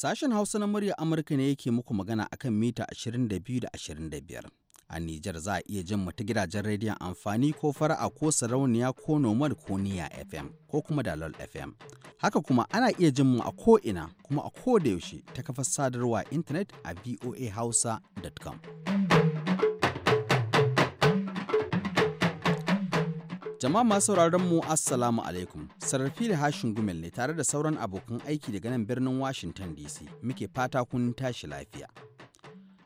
Sashen Hausa na murya Amurka ne yake muku magana akan mita 22 da 25. A Nijar za a iya jin mu ta gidajen rediyon amfani ko fara'a ko sarauniya ko nomad ko niya FM ko kuma dalol FM. Haka kuma ana iya jin mu a ko'ina kuma a ko da yaushe ta kafa sadarwa intanet a voahausa.com. Jama'a masu sauraron mu Assalamu alaikum. Sarrafi da hashin gumel ne tare da sauran abokan aiki daga nan birnin Washington DC. Muke fata kun tashi lafiya.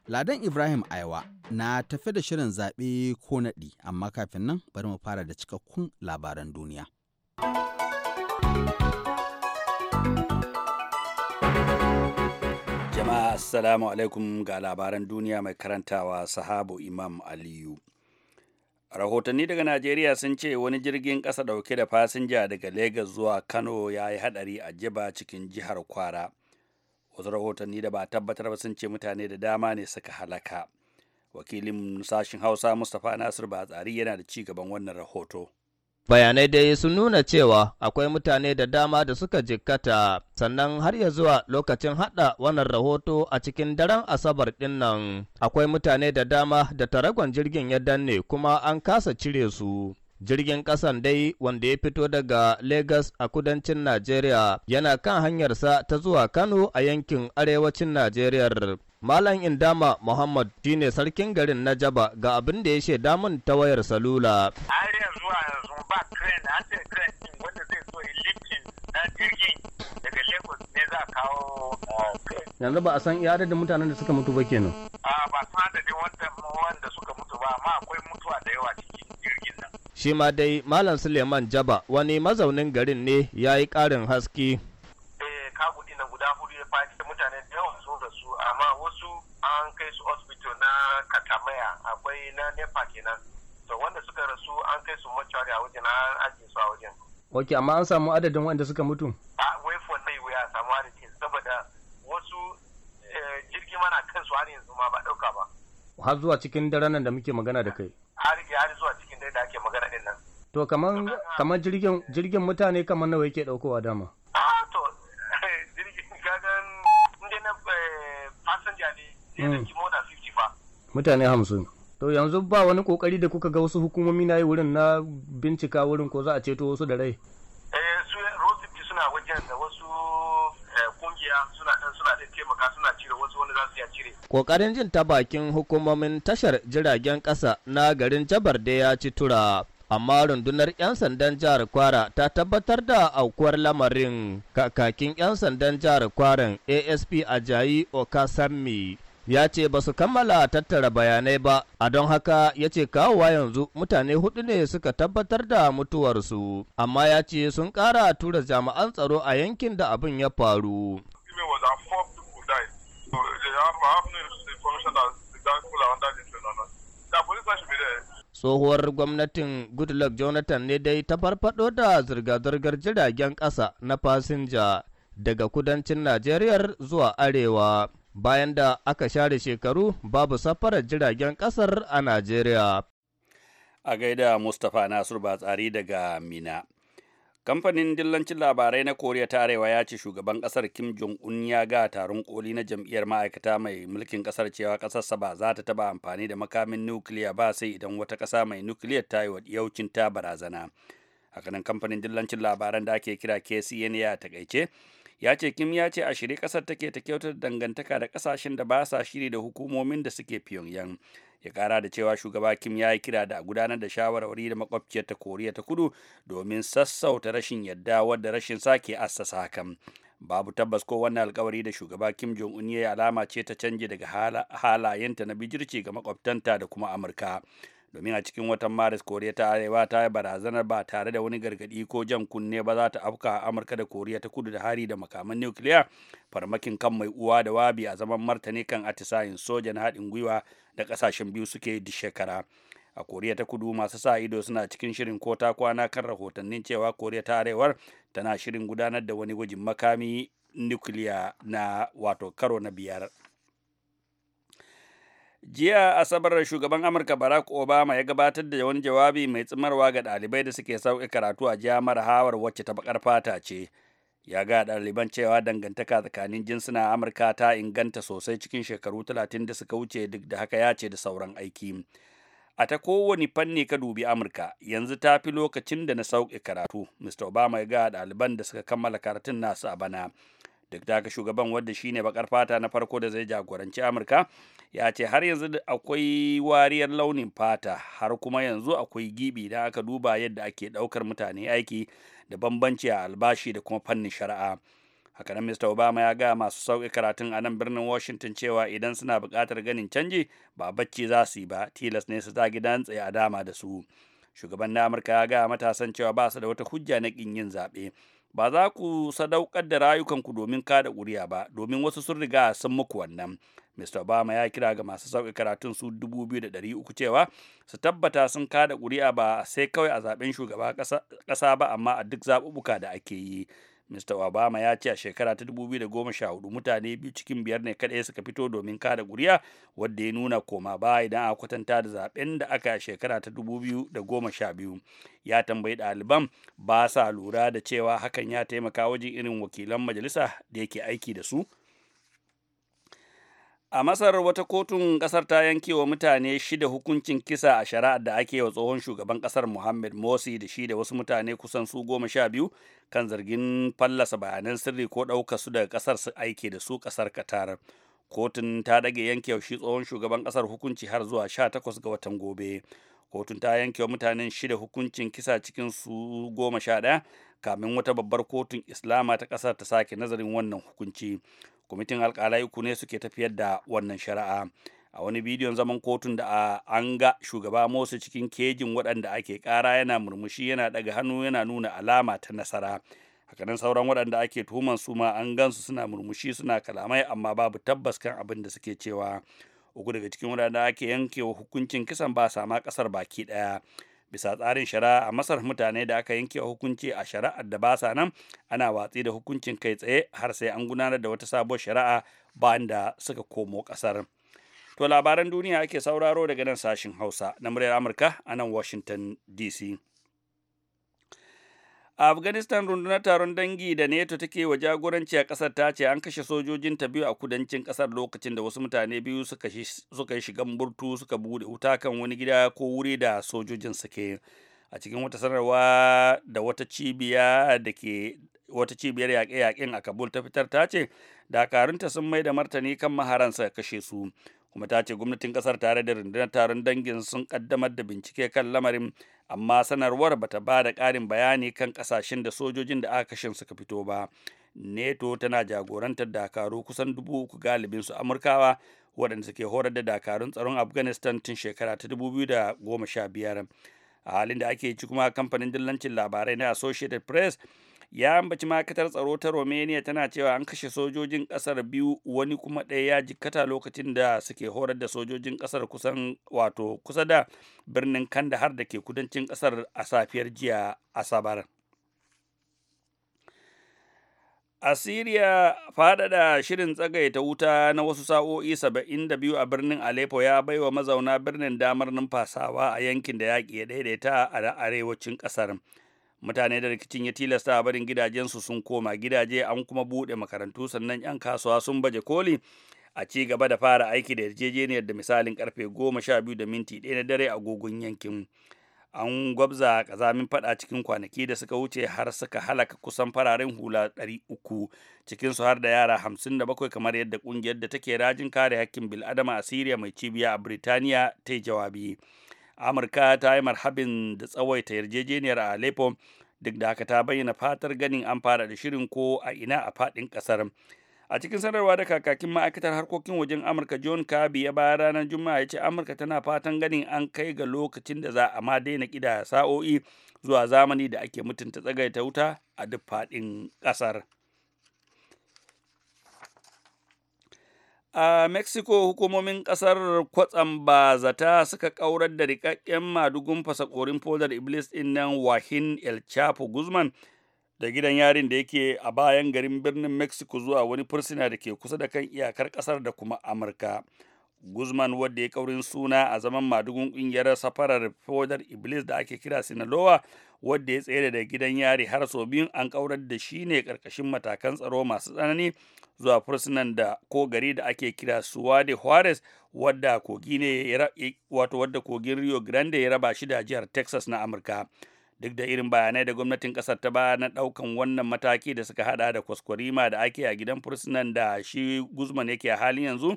Ladan Ibrahim Aiwa na tafi da shirin zaɓe ko naɗi, amma kafin nan bari mu fara da cikakkun labaran duniya. Jama'a Assalamu alaikum ga labaran duniya mai karantawa sahabu Imam Aliyu. rahotanni daga najeriya sun ce wani jirgin ƙasa ɗauke da fasinja daga lagos zuwa kano ya yi haɗari a jiba cikin jihar kwara wasu rahotanni da ba tabbatar ba sun ce mutane da dama ne suka halaka wakilin sashen hausa mustapha nasir ba tsari yana da ci gaban wannan rahoto bayanai dai sun nuna cewa akwai mutane da dama da suka jikkata sannan har ya zuwa lokacin hada wannan rahoto a cikin daren asabar din akwai mutane da dama da taragon jirgin ya danne kuma an kasa cire su jirgin kasan dai wanda ya fito daga Legas a kudancin Najeriya yana kan hanyarsa ta zuwa Kano a yankin arewacin najeriyar Malam Indama Muhammad ne sarkin garin na Jaba ga abin da ya ce damun ta wayar salula. Har yanzu a yanzu ba crane, an ce crane wanda zai so yi lifting na jirgin daga Lagos ne za kawo eh, Yanzu ba a san iya adadin mutanen da suka mutu ba kenan. A ba san adadin wanda suka mutu ba amma akwai mutuwa da yawa cikin jirgin nan. Shi ma dai Malam Suleiman Jaba wani mazaunin garin ne ya yi ƙarin haske. okay amma an samu adadin wanda suka mutu a wai wallahi waya samu adadin saboda wasu eh, jirgi mana kansu har yanzu ma ba dauka ba har zuwa cikin daren nan da muke magana da kai har har zuwa cikin dare da ake magana din nan to kaman kaman jirgin jirgin mutane kaman nawa yake daukowa dama a to eh, jirgin gagan inda na eh, passenger ne zai hmm. mota 50 fa mutane 50 to yanzu ba wani kokari da kuka ga wasu hukumomi na yi wurin na bincika wurin ko za a ceto wasu da rai Niger da wasu eh, kungiya suna ɗan suna da taimaka suna cire wasu wani za su ya cire. Kokarin jin ta bakin hukumomin tashar jiragen ƙasa na garin Jabar da ya ci tura. amma rundunar 'yan sandan jihar kwara ta tabbatar da aukuwar lamarin kakakin 'yan sandan jihar kwaran asp ajayi okasammi ya ce ba su kammala tattara bayanai ba a don haka ya ce kawowa yanzu mutane hudu ne suka tabbatar da mutuwarsu amma ya ce sun kara tura jami'an tsaro a yankin da abin ya faru tsohuwar gwamnatin goodluck jonathan ne dai ta farfado da zirga-zirgar jiragen ƙasa na fasinja daga kudancin najeriya zuwa arewa bayan da aka share shekaru babu safarar jiragen ƙasar a Najeriya. A gaida Mustapha Nasir Batsari daga Mina. Kamfanin dillancin labarai na Koriya ta Arewa ya ce shugaban kasar Kim Jong-un ya ga taron koli na jam'iyyar ma'aikata mai mulkin kasar cewa kasarsa ba za ta taba amfani da makamin nukiliya ba sai idan wata kasa mai nukiliyar ta yi wa yaucin ta barazana. Hakanan kamfanin dillancin labaran da ake kira KCN ya takaice ya ce kim ya ce a shirye kasar take ta kyautar dangantaka da kasashen da ba sa shiri da hukumomin da suke pyongyang ya kara da cewa shugaba kim ya yi kira da a gudanar da shawarwari da makwabciyar ta koriya ta kudu domin sassauta rashin yadda wadda rashin sake assasa hakan babu tabbas ko wannan alkawari da shugaba kim jong un ya alama ce ta canji daga halayenta na bijirci ga makwabtanta da kuma amurka domin a cikin watan maris koriya ta arewa ta yi barazanar ba tare da wani gargadi ko jan kunne ba za ta afka amurka da koriya ta kudu da hari da makaman nukiliya farmakin kan mai uwa da wabi a zaman martani kan atisayin na haɗin gwiwa da ƙasashen biyu suke duk shekara a koriya ta kudu masu sa ido suna cikin shirin ko ta kwana kan rahotannin cewa koriya ta arewar tana shirin gudanar da wani gwajin makami nukiliya na wato karo na biyar Jiya Asabar shugaban Amurka Barack Obama ya gabatar da wani jawabi mai tsimarwa ga dalibai da suke sauƙi karatu a jami'ar Hawar wacce ta bakar fata ce. Ya ga ɗaliban cewa dangantaka tsakanin jinsuna Amurka ta inganta sosai cikin shekaru talatin da suka wuce duk da haka ya ce da sauran aiki. A ta kowane fanni ka dubi Amurka, yanzu ta fi lokacin da na sauƙi karatu, Mr. Obama ya ga ɗaliban da suka kammala karatun nasu a bana. duk da haka shugaban wadda shine bakar fata na farko da zai jagoranci amurka ya ce har yanzu akwai wariyar launin fata har kuma yanzu akwai gibi da aka duba yadda ake daukar mutane aiki da bambanci a albashi da kuma fannin shari'a hakanan mista obama ya gaya masu sauƙi karatun a nan birnin washington cewa idan suna buƙatar ganin canji ba bacci za su yi ba tilas ne su zagi dan tsaye a dama da su shugaban na amurka ya gaya matasan cewa ba su da wata hujja na ƙin yin zaɓe ba za ku sadaukar da rayukanku domin kada ƙuri'a ba domin wasu sun riga sun muku wannan Mr. Obama ya kira ga masu sauƙi karatun su 2,300 cewa su tabbata sun kada ƙuri'a ba sai kawai a zaben shugaba ƙasa ba amma a duk zaɓuɓɓuka da ake yi Mr. Obama ya ce a shekara ta 2014 mutane biyu cikin biyar ne kaɗai suka fito domin kada guriya wadda ya nuna koma ba idan a kwatanta da zaben da aka a shekara ta 2012. Ya tambayi ɗaliban ba sa lura da cewa hakan ya taimaka wajen irin wakilan majalisa da yake aiki da su. A Masar wata kotun kasar ta yanke wa mutane shida hukuncin kisa a shari'ar da ake wa tsohon shugaban ƙasar Mohammed Morsi da shi da wasu mutane kusan su goma sha biyu kan zargin fallasa bayanan sirri ko ɗauka su daga ƙasar su aike da su ƙasar katar Kotun ta ɗage yanke shi tsohon shugaban ƙasar hukunci har zuwa sha takwas ga watan gobe. Kotun ta yanke mutanen shida hukuncin kisa cikin su goma sha ɗaya kamin wata babbar kotun Islama ta ƙasar ta sake nazarin wannan hukunci. Kwamitin alƙalai uku ne suke tafiyar da wannan shari'a. a wani bidiyon zaman kotun da ah, an ga shugaba Morsi cikin kejin waɗanda ake ƙara yana murmushi yana daga hannu yana nuna alama ta nasara hakanan sauran waɗanda ake tuhuman su ma an gansu suna murmushi suna kalamai amma babu tabbas kan abin da suke cewa uku daga cikin waɗanda ake yankewa hukuncin kisan ba sama ƙasar baki ɗaya bisa tsarin shari'a a masar mutane da aka yanke hukunci a shari'ar da ba sa nan ana watsi da hukuncin kai tsaye har sai an gudanar da wata sabuwar shari'a bayan da suka komo ƙasar. To labaran duniya ake sauraro daga nan sashin Hausa na muryar Amurka a nan Washington DC. A Afghanistan rundunar taron dangi da NATO take wa jagoranci a ƙasar ta ce an kashe sojojin ta biyu a kudancin kasar lokacin da wasu mutane biyu suka yi shigan burtu suka bude wuta kan wani gida ko wuri da sojojin suke. A cikin wata sanarwa da wata cibiya da ke wata cibiyar yaƙe-yaƙen a Kabul ta fitar ta ce dakarunta sun mai da martani kan maharansa kashe su. kuma ta ce gwamnatin kasar tare da rundunar taron dangin sun kaddamar da bincike kan lamarin amma sanarwar bata ba da ƙarin bayani kan ƙasashen da sojojin da aka kashe suka fito ba neto tana jagorantar dakaru kusan dubu uku galibin su amurkawa waɗanda suke horar da dakarun tsaron afghanistan tun shekara ta dubu biyu da goma sha biyar a halin da ake ci kuma kamfanin dillancin labarai na associated press ya ambaci ma'aikatar tsaro ta romania tana cewa an kashe sojojin kasar biyu wani kuma ɗaya ya jikkata lokacin da suke horar da sojojin kasar kusan wato kusa da birnin kandahar da ke kudancin kasar a safiyar jiya asabar Asiriya faɗaɗa shirin tsagaita wuta na wasu sa'o'i saba'in da biyu a birnin Aleppo ya baiwa mazauna birnin damar numfasawa a yankin da yaƙi ya daidaita a arewacin ƙasar. mutane da rikicin ya tilasta a barin gidajensu sun koma gidaje an kuma buɗe makarantu sannan 'yan kasuwa sun baje koli a ci gaba da fara aiki da yarjejeniyar da misalin karfe goma sha biyu da minti ɗaya na dare agogon yankin an gwabza kazamin fada cikin kwanaki da suka wuce har suka halaka kusan fararen hula 300 cikinsu har da yara 57 kamar yadda kungiyar da take rajin kare hakkin bil'adama a siriya mai cibiya a birtaniya ta yi jawabi amurka ta yi marhabin da tsawaita yarjejeniyar a aleppo duk da haka ta bayyana fatar ganin an fara da shirin ko a ina a faɗin ƙasar a cikin sanarwa da kakakin ma'aikatar harkokin wajen amurka john kirby ya bayar ranar juma'a ya ce amurka tana fatan ganin an kai ga lokacin da za a ma daina kida sa'o'i zuwa zamani da ake mutunta tsagaita wuta a duk fadin ƙasar. A Mexico hukumomin kasar kwatsam ba zata suka kaurar da rikakken madugun fasakorin folder Iblis ɗin nan Wahin El Chapo Guzman da gidan yarin da yake a bayan garin birnin Mexico zuwa wani fursuna da ke kusa da kan iyakar ƙasar da kuma Amurka. Guzman wadda ya kaurin suna a zaman madugun ƙungiyar safarar folder Iblis da ake kira Sinaloa wadda ya tsere da gidan yari har sau biyun an kaurar da shi ne karkashin matakan tsaro masu tsanani zuwa fursunan da ko gari da ake kira Suwade Juarez wadda kogi ne wato wadda kogin Rio Grande ya raba shi da jihar Texas na Amurka. Duk da irin bayanai da gwamnatin kasar ta ba na daukan wannan mataki da suka hada da kwaskwarima da ake a gidan fursunan da shi Guzman yake a halin yanzu,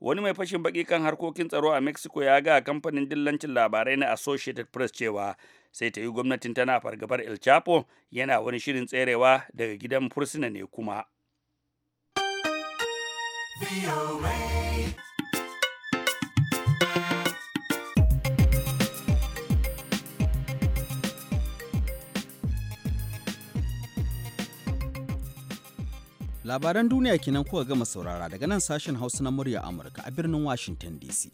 wani mai fashin baki kan harkokin tsaro a mexico ya ga kamfanin dillancin labarai na associated press cewa sai ta yi gwamnatin tana fargabar el chapo yana wani shirin tserewa daga gidan fursuna ne kuma Labaran duniya kenan kuka gama saurara daga nan sashen Hausa na murya Amurka a birnin Washington DC.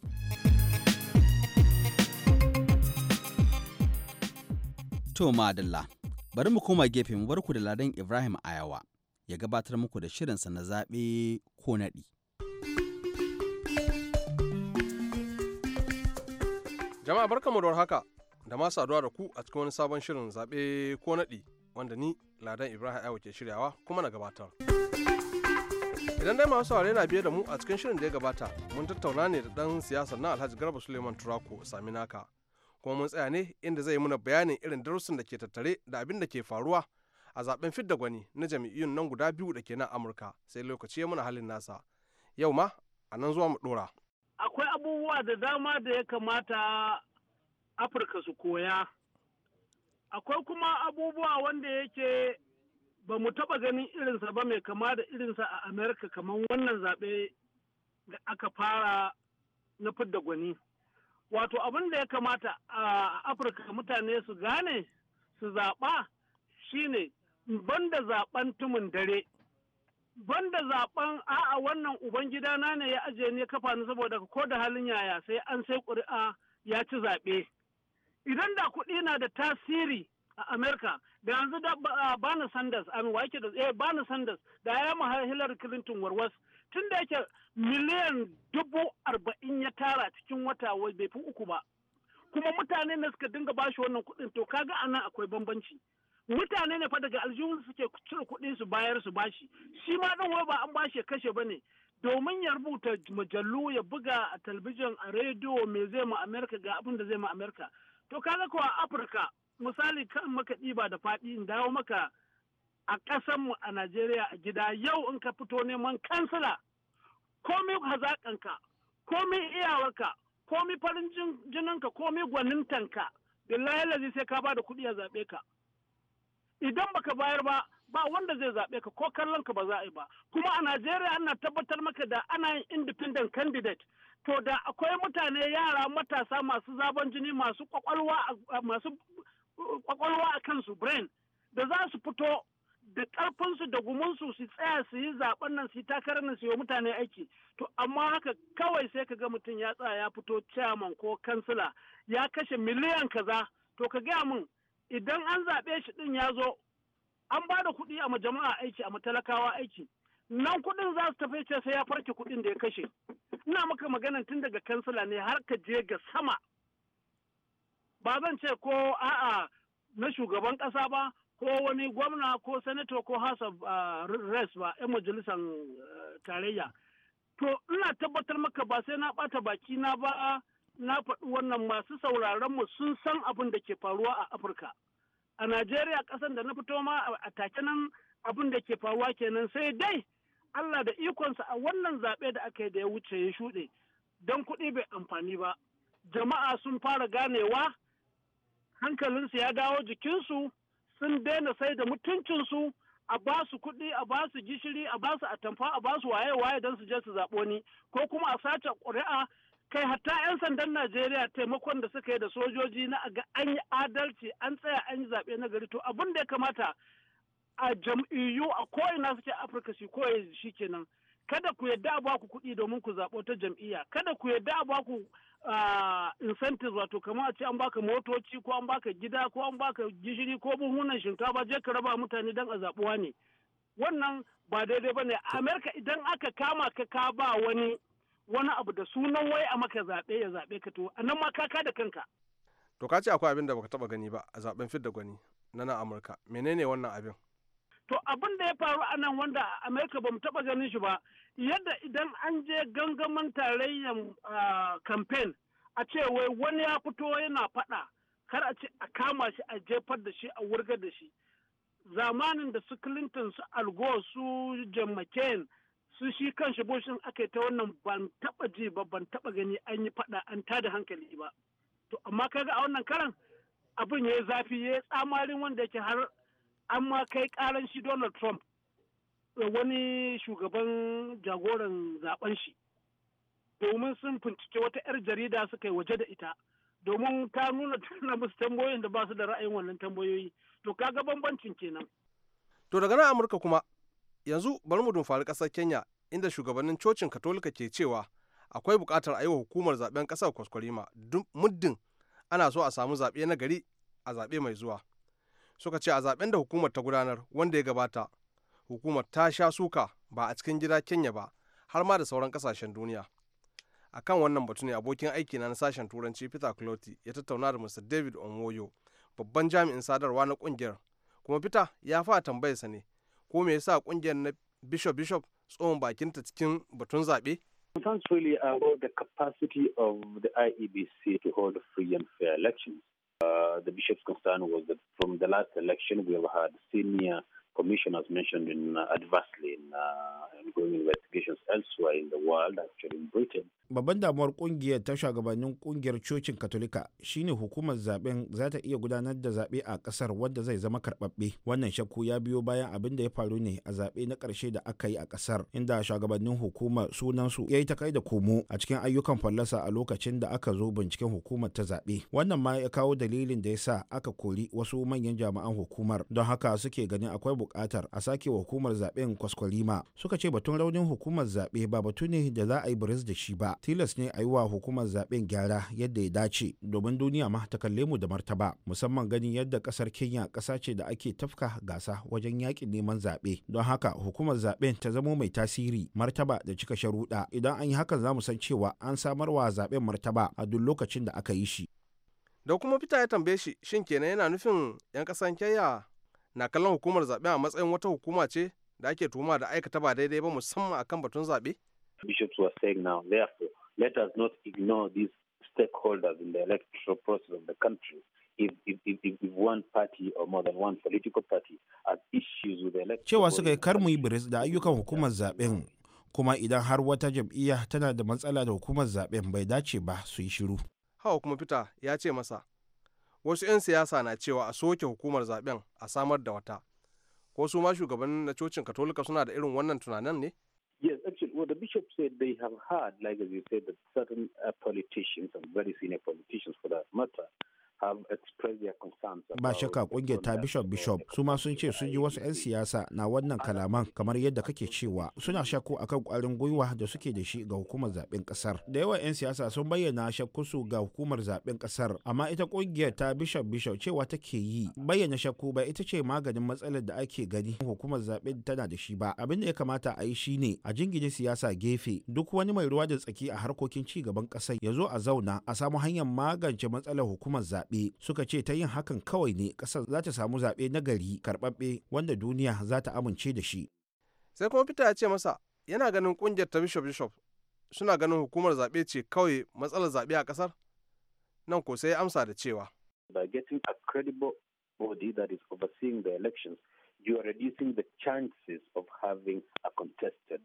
To madalla, bari mu koma gefen mu barku da ladan Ibrahim Ayawa ya gabatar muku da shirinsa na zaɓe ko naɗi. Jama'a barkanmu da haka da ma saduwa da ku a cikin wani sabon shirin zaɓe ko naɗi wanda ni Ladan Ibrahim Aiwo ke shiryawa kuma na gabatar. Idan dai masu saurare na biye da mu a cikin shirin da ya gabata mun tattauna ne da ɗan siyasa na Alhaji Garba Suleiman Turako Saminaka kuma mun tsaya ne inda zai yi muna bayanin irin darussan da ke tattare da abin da ke faruwa a zaben fidda gwani na jami'in nan guda biyu da ke nan amurka sai lokaci ya muna halin nasa yau ma a nan zuwa mu dora akwai abubuwa da dama da ya kamata afirka su koya akwai kuma abubuwa wanda yake ba mu taba ganin irinsa ba mai kama da irinsa a amerika kamar wannan zaɓe da aka fara na fidda gwani wato abin da ya kamata a afirka mutane su gane su zaɓa shine banda zaben tumun dare banda zaben a'a wannan ubangida na ne ya ajiye ne kafa ni saboda ko da halin yaya sai an sai ƙuri'a ya ci zaɓe idan da kuɗi na da tasiri a Amerika da yanzu da Bernie Sanders a wake da eh Bernie Sanders da ya ma Hillary Clinton warwas tun da yake miliyan dubu arba'in ya tara cikin wata bai fi uku ba kuma mutane ne suka dinga bashi wannan kuɗin to kaga anan akwai bambanci mutane ne fa daga aljihun suke cire kuɗi su bayar su bashi shi ma ɗan wai ba an bashi ya kashe ba ne domin ya rubuta mujallu ya buga a talbijin a rediyo mai zai ma amerika ga abin da zai ma amerika to ka ga a afirka misali kan maka ɗiba da faɗi in dawo maka a ƙasanmu a najeriya a gida yau in ka fito neman kansila komi hazaƙanka komi iyawarka komi farin jininka komi gwanintanka billahi lazi sai ka ba da kuɗi a zaɓe ka idan baka bayar ba ba wanda zai zaɓe ka ko kallon ka ba za a yi ba kuma a najeriya ana tabbatar maka da ana yin independent candidate to da akwai mutane yara matasa masu zaben jini masu kwakwalwa uh, a kansu brain da za su fito da ƙarfinsu da gumunsu su tsaya su yi zaben nan su yi takarar nan su yi mutane aiki to amma haka kawai sai ka ga mutum ya tsaya ya fito chairman ko kansila ya kashe miliyan kaza to ka gaya min idan an zaɓe shi ɗin ya zo an ba da kuɗi a majama'a aiki a matalakawa aiki nan kuɗin za su tafi ce sai ya farke kuɗin da ya kashe ina maka magana tun daga kansila ne har ka je ga sama ba zan ce ko a'a na shugaban ƙasa ba ko wani gwamna ko sanato ko house of ah, res ba yan majalisar eh, tarayya to ina tabbatar maka ba sai na ɓata baki na ba na faɗi wannan masu sauraron mu sun san abin da ke faruwa a Afirka. A Najeriya ƙasan da na fito ma a take nan abin da ke faruwa kenan sai dai Allah da ikonsa a wannan zaɓe da aka yi da ya wuce ya shuɗe don kuɗi bai amfani ba. Jama'a sun fara ganewa hankalinsu ya dawo jikinsu sun daina sai da mutuncinsu a ba su kuɗi a ba su gishiri a ba su atamfa a ba su waye-waye don su je su zaɓo ni ko kuma a sace ƙuri'a kai hatta 'yan sandan najeriya taimakon da suka yi da sojoji na ga an yi adalci an tsaya an yi zaɓe na gari to abin da ya kamata a jam'iyyu a ko'ina suke afirka shi koyi shi kenan kada ku yadda a baku kuɗi domin ku zaɓo ta jam'iyya kada ku yadda a baku incentives wato kamar a ce an baka motoci ko an baka gida ko an baka gishiri ko buhunan shinkafa je ka raba mutane dan a zaɓuwa ne wannan ba daidai ba ne amerika idan aka kama ka ka ba wani wani abu da sunan wai a maka zaɓe ya zaɓe ka to anan ma kaka da kanka. To ka ce akwai abin da baka taɓa gani ba a zaɓen fidda gwani na nan Amurka menene wannan abin? To abin da ya faru a nan wanda a Amerika bamu taɓa ganin shi ba yadda idan an je gangamin tarayyar campaign a ce wai wani ya fito yana faɗa kar a ce a kama shi a jefar da shi a wurga da shi. Zamanin da su Clinton su Al Gore su John McCain su shi kan shi bushin aka yi ta wannan ban taba ji ba ban taba gani an yi fada an tada hankali ba to amma kaga a wannan karan abin ya yi zafi ya yi tsamarin wanda yake har an ma kai karan shi Donald Trump wani shugaban jagoran zaben shi domin sun fincike wata 'yar jarida suka yi waje da ita domin ta nuna tana musu tambayoyin da ba su da ra'ayin wannan tambayoyi to kaga bambancin kenan to daga nan amurka kuma yanzu bari mu dumfari ƙasar kenya inda shugabannin cocin katolika ke cewa akwai buƙatar a yi wa hukumar zaben ƙasar kwaskwarima muddin ana so a samu zaɓe na gari a zaɓe mai zuwa suka ce a zaɓen da hukumar ta gudanar wanda ya gabata hukumar ta sha suka ba a cikin gida kenya ba har ma da sauran ƙasashen duniya A kan wannan batu ne abokin aiki na sashen turanci peter cloti ya tattauna da mr david onwoyo babban jami'in sadarwa na ƙungiyar, kuma peter ya fa tambayarsa ne ko me yasa kungiyar na bishop bishop tsohon bakinta cikin batun zaɓe? Concerns really about the capacity of the IEBC to hold free and fair elections. Uh, the bishop's concern was that from the last election we have had senior Commission has mentioned in uh, adversely in uh, ongoing investigations elsewhere in the world, actually in Britain. Babban damuwar kungiyar ta shugabannin kungiyar cocin Katolika shine hukumar zaben za ta iya gudanar da zaɓe a kasar wanda zai zama karbabbe Wannan shakku ya biyo bayan abin da ya faru ne a zaɓe na karshe da aka yi a kasar inda shugabannin hukumar sunansu ya yi ta kai da komo a cikin ayyukan fallasa a lokacin da aka zo binciken hukumar ta zaɓe. Wannan ma ya kawo dalilin da ya sa aka kori wasu manyan jami'an hukumar don haka suke ganin akwai buƙatar a sake wa hukumar zaɓen kwaskwalima suka ce batun raunin hukumar zaɓe ba batu ne da za a yi biris da shi ba tilas ne a yi wa hukumar zaɓen gyara yadda ya dace domin duniya ma ta kalle mu da martaba musamman ganin yadda ƙasar kenya ƙasa ce da ake tafka gasa wajen yaƙin neman zaɓe don haka hukumar zaɓen ta zamo mai tasiri martaba da cika sharuɗa idan an yi hakan za mu san cewa an samar wa zaɓen martaba a duk lokacin da aka yi shi. Da kuma fita ya tambaye shi shin kenan yana nufin 'yan ƙasan Kenya na kallon hukumar zaɓe a matsayin wata hukuma ce da ake tuhuma da aikata ba daidai ba musamman akan batun zaɓe? Bishops were saying now, therefore, let us not ignore these stakeholders in the electoral process of the country. If, if, if, if one party or more than one political party has issues with the electoral Cewa suka yi kar mu yi biris da ayyukan hukumar zaɓen kuma idan har wata jam'iyya tana da matsala da hukumar zaɓen bai dace ba su yi shiru. Hawa kuma fita ya ce masa, wasu 'yan siyasa na cewa a soke hukumar zaben a samar da wata ko su ma shugabannin na cocin katolika suna da irin wannan tunanin ne Yes, actually, what the bishop said, they have had like as you said, that certain uh, politicians and very senior politicians, for that matter, ba shakka kungiyar ta bishop bishop su ma sun ce sun ji wasu 'yan siyasa na wannan kalaman kamar yadda kake cewa suna shakku akan kwarin gwiwa da suke da shi ga hukumar zaben kasar da yawa 'yan siyasa sun bayyana su ga hukumar zaben kasar amma ita kungiyar ta bishop bishop cewa take yi bayyana shakku ba ita ce maganin matsalar da ake gani hukumar zaben tana da shi ba abin da ya kamata a yi shine a jingine siyasa gefe duk wani mai ruwa da tsaki a harkokin ci gaban kasar ya zo a zauna a samu hanyar magance matsalar hukumar zaɓe zaɓe suka ce ta yin hakan kawai ne ƙasar za ta samu zaɓe na gari karɓaɓɓe wanda duniya za ta amince da shi. Sai kuma Peter ya ce masa yana ganin ƙungiyar ta Bishop Bishop suna ganin hukumar zaɓe ce kawai matsalar zaɓe a ƙasar? Nan ko sai ya amsa da cewa. By getting a credible body that is overseeing the elections, you are reducing the chances of having a contested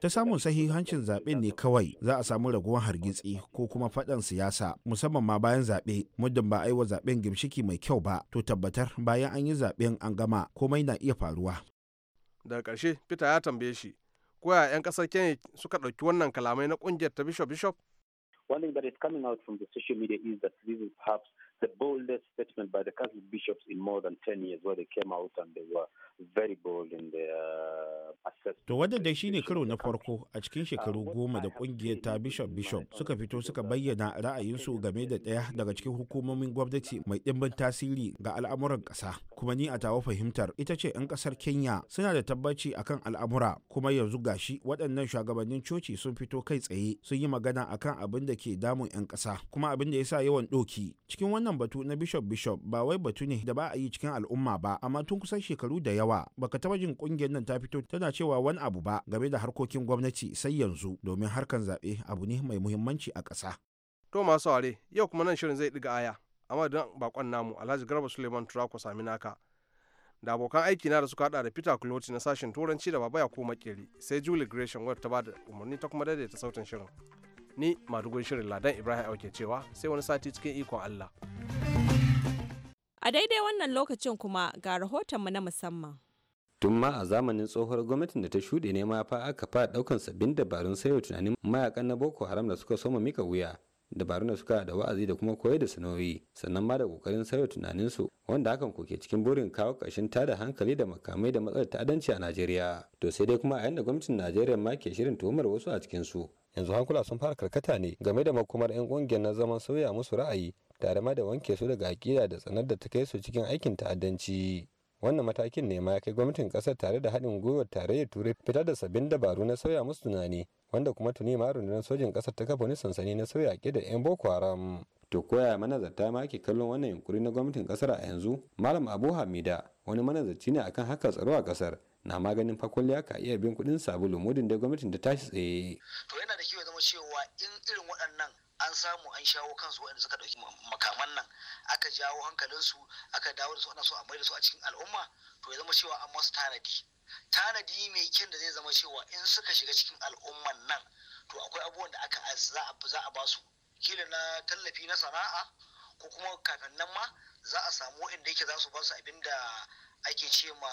Ta samun sahihancin zaɓen ne kawai za a samu raguwar hargitsi ko kuma faɗan siyasa musamman ma bayan zaɓe muddin ba a yi wa zaɓen gimshiki mai kyau ba to tabbatar bayan an yi zaɓen an gama komai na iya faruwa. Daga ƙarshe Peter ya tambaye shi ko ya 'yan ƙasar Kenya suka ɗauki wannan kalamai na ƙungiyar ta Bishop Bishop? One thing that is coming out from the social media is that this is the boldest statement by the Catholic bishops in more than 10 years where they came out and they were very bold in their uh, assessment. To wadda dai shine karo na farko a cikin shekaru uh, goma da kungiyar ta bishop bishop suka fito suka bayyana ra'ayinsu game da ɗaya daga cikin hukumomin gwamnati mai ɗimbin tasiri ga al'amuran ƙasa. Kuma ni a tawa fahimtar ita ce 'yan ƙasar Kenya suna da tabbaci akan al'amura kuma yanzu gashi waɗannan shugabannin coci sun fito kai tsaye sun yi magana akan abin da ke damun 'yan ƙasa kuma abin da ya sa yawan ɗoki. Cikin wannan wannan batu na bishop bishop ba wai batu ne da ba a yi cikin al'umma ba amma tun kusan shekaru da yawa baka taba jin kungiyar nan ta fito tana cewa wani abu ba game da harkokin gwamnati sai yanzu domin harkan zaɓe abu ne mai muhimmanci a ƙasa. to masu ware yau kuma nan shirin zai ɗiga aya amma don bakon namu alhaji garba suleiman turako sami naka da abokan aiki na da suka hada da peter kuloti na sashen turanci da babaya ko makeri sai julie gresham wadda ta ba da umarni ta kuma daidaita sautin shirin ni madugun shirin ladan ibrahim auke cewa sai wani sati cikin ikon allah a daidai wannan lokacin kuma ga rahotonmu na musamman tun ma a zamanin tsohuwar gwamnatin da ta shuɗe ne ma fa aka fara ɗaukan sabbin dabarun sayo tunanin mayakan na boko haram da suka soma mika wuya dabarun da suka da wa'azi da kuma koyar da sanoyi sannan ma da kokarin sauya tunaninsu wanda hakan ko ke cikin burin kawo ƙarshen tada hankali da makamai da matsalar ta'addanci a Najeriya to sai dai kuma a yanda gwamnatin Najeriya ma ke shirin tuhumar wasu a cikin su yanzu hankula sun fara karkata ne game da makomar 'yan kungiyar na zaman sauya musu ra'ayi tare ma da wanke su daga aƙida da tsanar da ta kai su cikin aikin ta'addanci wannan matakin ne ma ya kai gwamnatin kasar tare da haɗin gwiwar tarayyar turai fitar da sabbin dabaru na sauya musu tunani wanda kuma tuni ma rundunar sojin kasar ta kafa wani sansani na sauya ke da yan boko haram to koya manazarta ma ke kallon wannan yunkuri na gwamnatin kasar a yanzu malam abu hamida wani manazarci ne akan haka tsaro a kasar na maganin fakwalliya ka iya bin kuɗin sabulu mudin da gwamnatin ta tashi tsaye to yana da kyau zama cewa in irin waɗannan an samu an shawo kansu waɗanda suka ɗauki makaman nan aka jawo hankalinsu aka dawo da su ana so a mai da su a cikin al'umma to ya zama cewa an masu tanadi tanadi mai kyan da zai zama cewa in suka shiga cikin al'umman nan to akwai abubuwan da aka za a ba su kila na tallafi na sana'a ko kuma kafin nan ma za a samu inda yake za su ba su abin da ake ce ma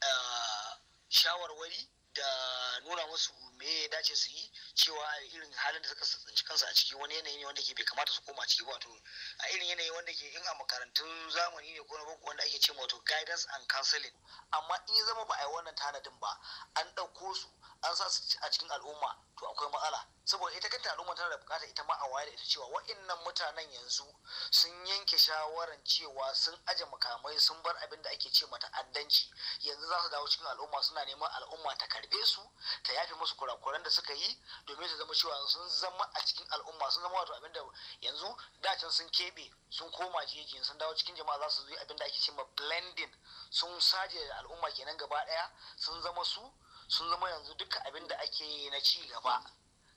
eh, shawarwari da nuna musu me ya dace su yi cewa irin halin da suka tsinci kansu a ciki wani yanayi ne wanda ke bai kamata su koma ciki wato a irin yanayi wanda ke in a makarantun zamani ne ko na boko wanda ake ce wato guidance and counseling amma in ya zama ba a yi wannan tanadin ba an ɗauko su an sa su a cikin al'umma to akwai matsala saboda ita kanta al'umma tana da bukata ita ma a waye da ita cewa wa'annan mutanen yanzu sun yanke shawaran cewa sun aje makamai sun bar abin da ake ce mata addanci yanzu za su dawo cikin al'umma suna neman al'umma ta karbe su ta yafe musu kurakuran da suka yi domin su zama cewa sun zama a cikin al'umma sun zama wato abin da yanzu dacin sun keɓe sun koma jeji sun dawo cikin jama'a za su zo abin da ake ce ma blending sun saje al'umma kenan gaba daya sun zama su sun zama yanzu duka abin da ake yi na ci gaba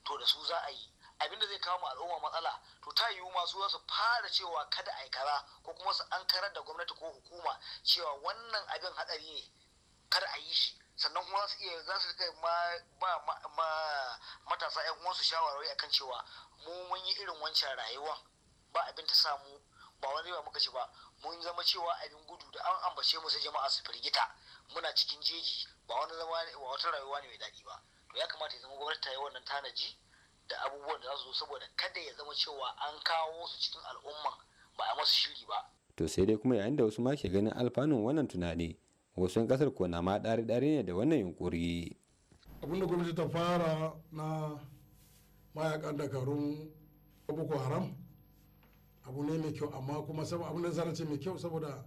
to da su za a yi abin da zai kawo al'umma matsala to ta yiwu masu za su fara cewa kada a yi kara ko kuma su an karar da gwamnati ko hukuma cewa wannan abin hatsari ne kada a yi shi sannan kuma za su iya za su kai ba matasa yan uwansu shawarwari akan cewa mu mun yi irin wancan rayuwa. ba abin ta sa mu, ba wani ba muka ci ba mun zama cewa abin gudu da an ambace mu sai jama'a su firgita muna cikin jeji ba wani zama ne ba wata rayuwa ne mai daɗi ba to ya kamata ya zama gwamnati ta yi wannan tanaji da abubuwan da za su zo saboda kada ya zama cewa an kawo su cikin al'umma ba a masu shiri ba to sai dai kuma yayin da wasu ma ke ganin alfanun wannan tunani wasu kasar ko na ma ɗari-ɗari ne da wannan yunkuri abinda gwamnati ta fara na mayakan dakarun boko haram abu ne mai kyau amma kuma abin da zarace mai kyau saboda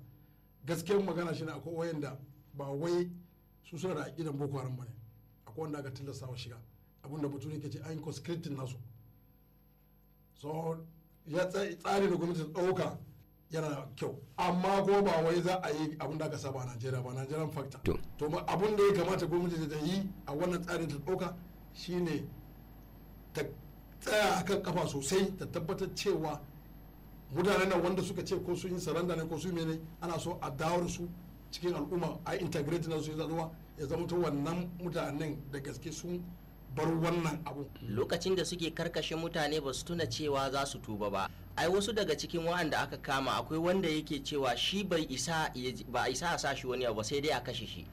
gaskiyar magana shi shine akwai wayanda ba wai su suna da aƙidan boko haram bane akwai wanda aka tilasta wa shiga abinda ne ke ce an conscripting nasu so ya tsari da gwamnati ɗauka yana kyau amma ko ba wai za a yi abin da aka saba a najeriya ba nigerian factor to abin da ya kamata gwamnati ta yi a wannan tsarin ta ɗauka shine ta tsaya a kan kafa sosai ta tabbatar cewa mutanen nan wanda suka ce ko sun yi saranda ne ko su mene ana so a dawarsu. su cikin al'umma a integrate na su zama ya zama ta wannan mutanen da gaske sun bar wannan abu lokacin da suke karkashe mutane ba su tuna cewa za su tuba ba ai wasu daga cikin wa'anda aka kama akwai wanda yake cewa shi bai isa ba isa a sa shi wani abu sai dai a kashe shi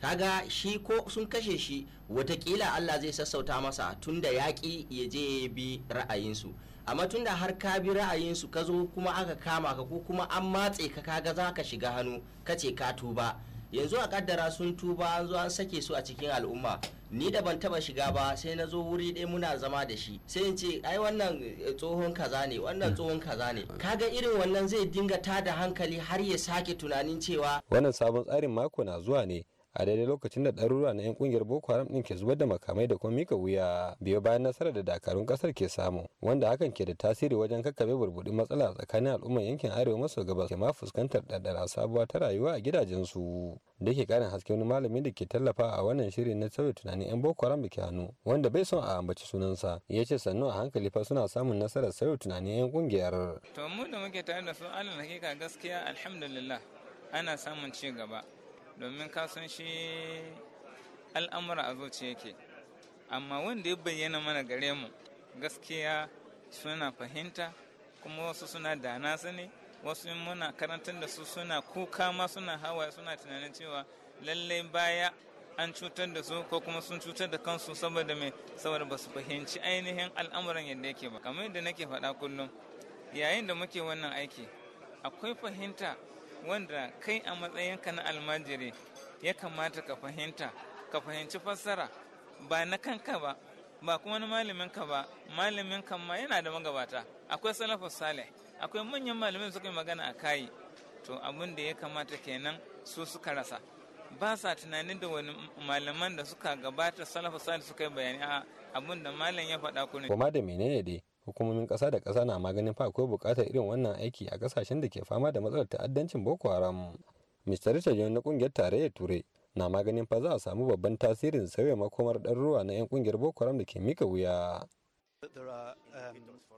kaga shi ko sun kashe shi watakila Allah zai sassauta masa tunda yaƙi ya je bi ra'ayinsu amma tunda har ka bi ra'ayinsu ka zo kuma aka kama ka ko kuma an matse ka kaga za ka shiga hannu ka ce ka tuba yanzu a kaddara sun tuba an zo an sake su a cikin al'umma ni da ban taba shiga ba sai na zo wuri ɗaya muna zama da shi sai in ce ai wannan eh, tsohon kaza ne wannan hmm. tsohon kaza ne kaga irin wannan zai dinga tada hankali har ya sake tunanin cewa wannan sabon tsarin mako na zuwa ne a daidai lokacin da ɗaruruwa na 'yan kungiyar boko haram ɗin ke zubar da makamai da kuma mika wuya biyo bayan nasarar da dakarun ƙasar ke samu wanda hakan ke da tasiri wajen kakkabe burbuɗin matsala tsakanin al'umman yankin arewa maso gabas ke ma fuskantar ɗaɗɗara sabuwa ta rayuwa a gidajensu da ke ƙarin haske wani malamin da ke tallafa a wannan shiri na sauya tunanin 'yan boko haram da ke hannu wanda bai son a ambaci sunansa ya ce sannu a hankali fa suna samun nasarar sauya tunanin 'yan kungiyar. to mu da muke tare da su alal hakika gaskiya alhamdulillah ana samun ci gaba domin kasan shi al'amura a zuci yake amma wanda ya bayyana mana gare mu gaskiya suna fahimta kuma wasu suna dana su ne wasu muna karantar da su suna kuka ma suna hawa suna tunanin cewa lallai baya an cutar da su ko kuma sun cutar da kansu saboda mai saboda ba su fahimci ainihin al'amuran yadda yake ba kamar yadda nake faɗa kullum yayin da muke wannan aiki akwai fahimta wanda kai a matsayinka na almajiri ya kamata ka fahimta ka fahimci fassara ba na kanka ba ba kuma na malaminka ba malaminka ma yana da magabata akwai salafus salih akwai manyan malamin suka yi magana a kai to abin da ya kamata kenan su suka rasa ba sa tunanin da wani malaman da suka gabata salafus salih suka yi bayani a abin da malam ya faɗa kuma da menene dai hukumomin ƙasa da kasa na maganin fa akwai buƙatar irin wannan aiki a ƙasashen da ke fama da matsalar ta'addancin boko haram mr richard na ƙungiyar tarayyar turai na maganin fa za a samu babban tasirin sauya makomar ruwa na 'yan ƙungiyar boko haram da ke mika wuya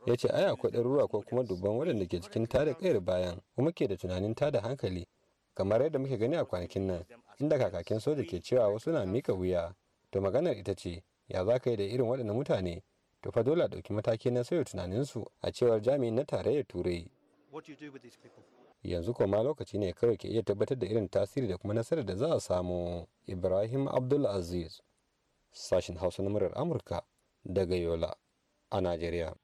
ya ce ai akwai ruwa ko kuma dubban wadanda ke cikin tada kayar bayan kuma ke da tunanin tada hankali kamar yadda muke gani a kwanakin nan inda kakakin soja ke cewa wasu na mika wuya to maganar ita ce ya za ka yi da irin waɗannan mutane to fa dole a ɗauki mataki na sauya tunaninsu a cewar jami'in na tarayyar turai yanzu kuma lokaci ne kawai ke iya tabbatar da irin tasiri da kuma nasarar da za a samu ibrahim abdul aziz sashen hausa na murar amurka daga yola a najeriya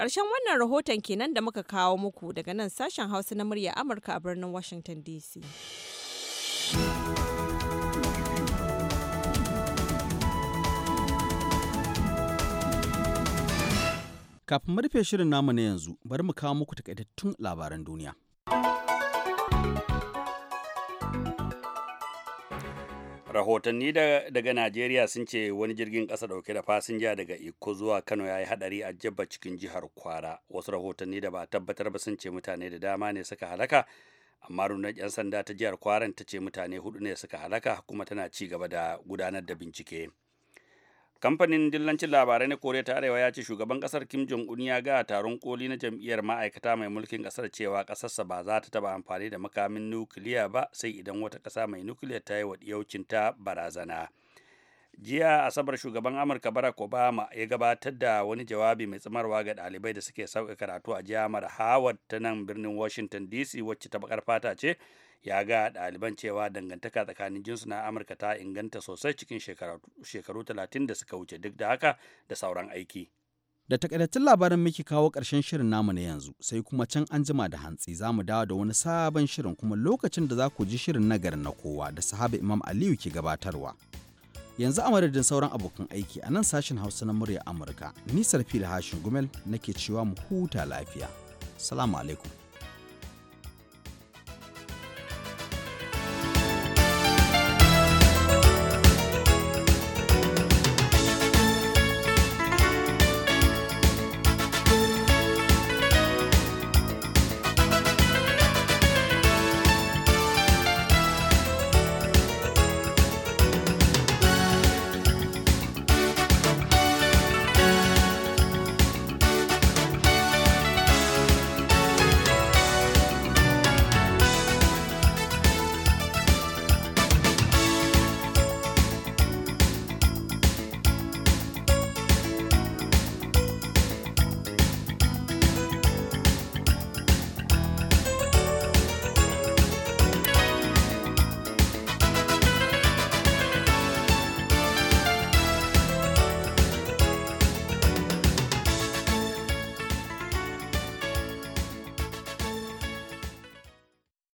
karshen wannan rahoton kenan da muka kawo muku daga nan sashen Hausa na murya Amurka a birnin Washington DC. Kafin rufe shirin namu na yanzu, bari mu kawo muku takaitattun labaran duniya. rahotanni daga najeriya sun ce wani jirgin kasa dauke da fasinja daga iko zuwa kano ya yi hadari a jabba cikin jihar kwara wasu rahotanni da ba tabbatar ba sun ce mutane da dama ne suka halaka amma rundunar 'yan sanda ta jihar kwaran ta ce mutane hudu ne suka halaka kuma tana ci gaba da gudanar da bincike kamfanin dillancin labarai na koriya ta arewa ya ce shugaban kasar kim jong un ya ga taron koli na jam'iyyar ma'aikata mai mulkin kasar cewa kasarsa ba za ta taba amfani da makamin nukiliya ba sai idan wata kasa mai nukiliya ta yi wa ta barazana jiya asabar shugaban amurka barack obama ya gabatar da wani jawabi mai tsamarwa ga ɗalibai da suke sauke karatu a jami'ar howard ta nan birnin washington dc wacce ta bakar fata ce ya ga ɗaliban cewa dangantaka tsakanin jinsu na amurka ta inganta sosai cikin shekaru talatin da suka wuce duk da haka da sauran aiki da takaitattun labaran muke kawo karshen shirin namu na yanzu sai kuma can an jima da hantsi za mu dawo da wani sabon shirin kuma lokacin da za ku ji shirin nagarin na kowa da sahaba imam aliyu ke gabatarwa yanzu a madadin sauran abokan aiki a nan sashen hausa na murya amurka nisar da hashin gumel nake cewa mu huta lafiya salamu alaikum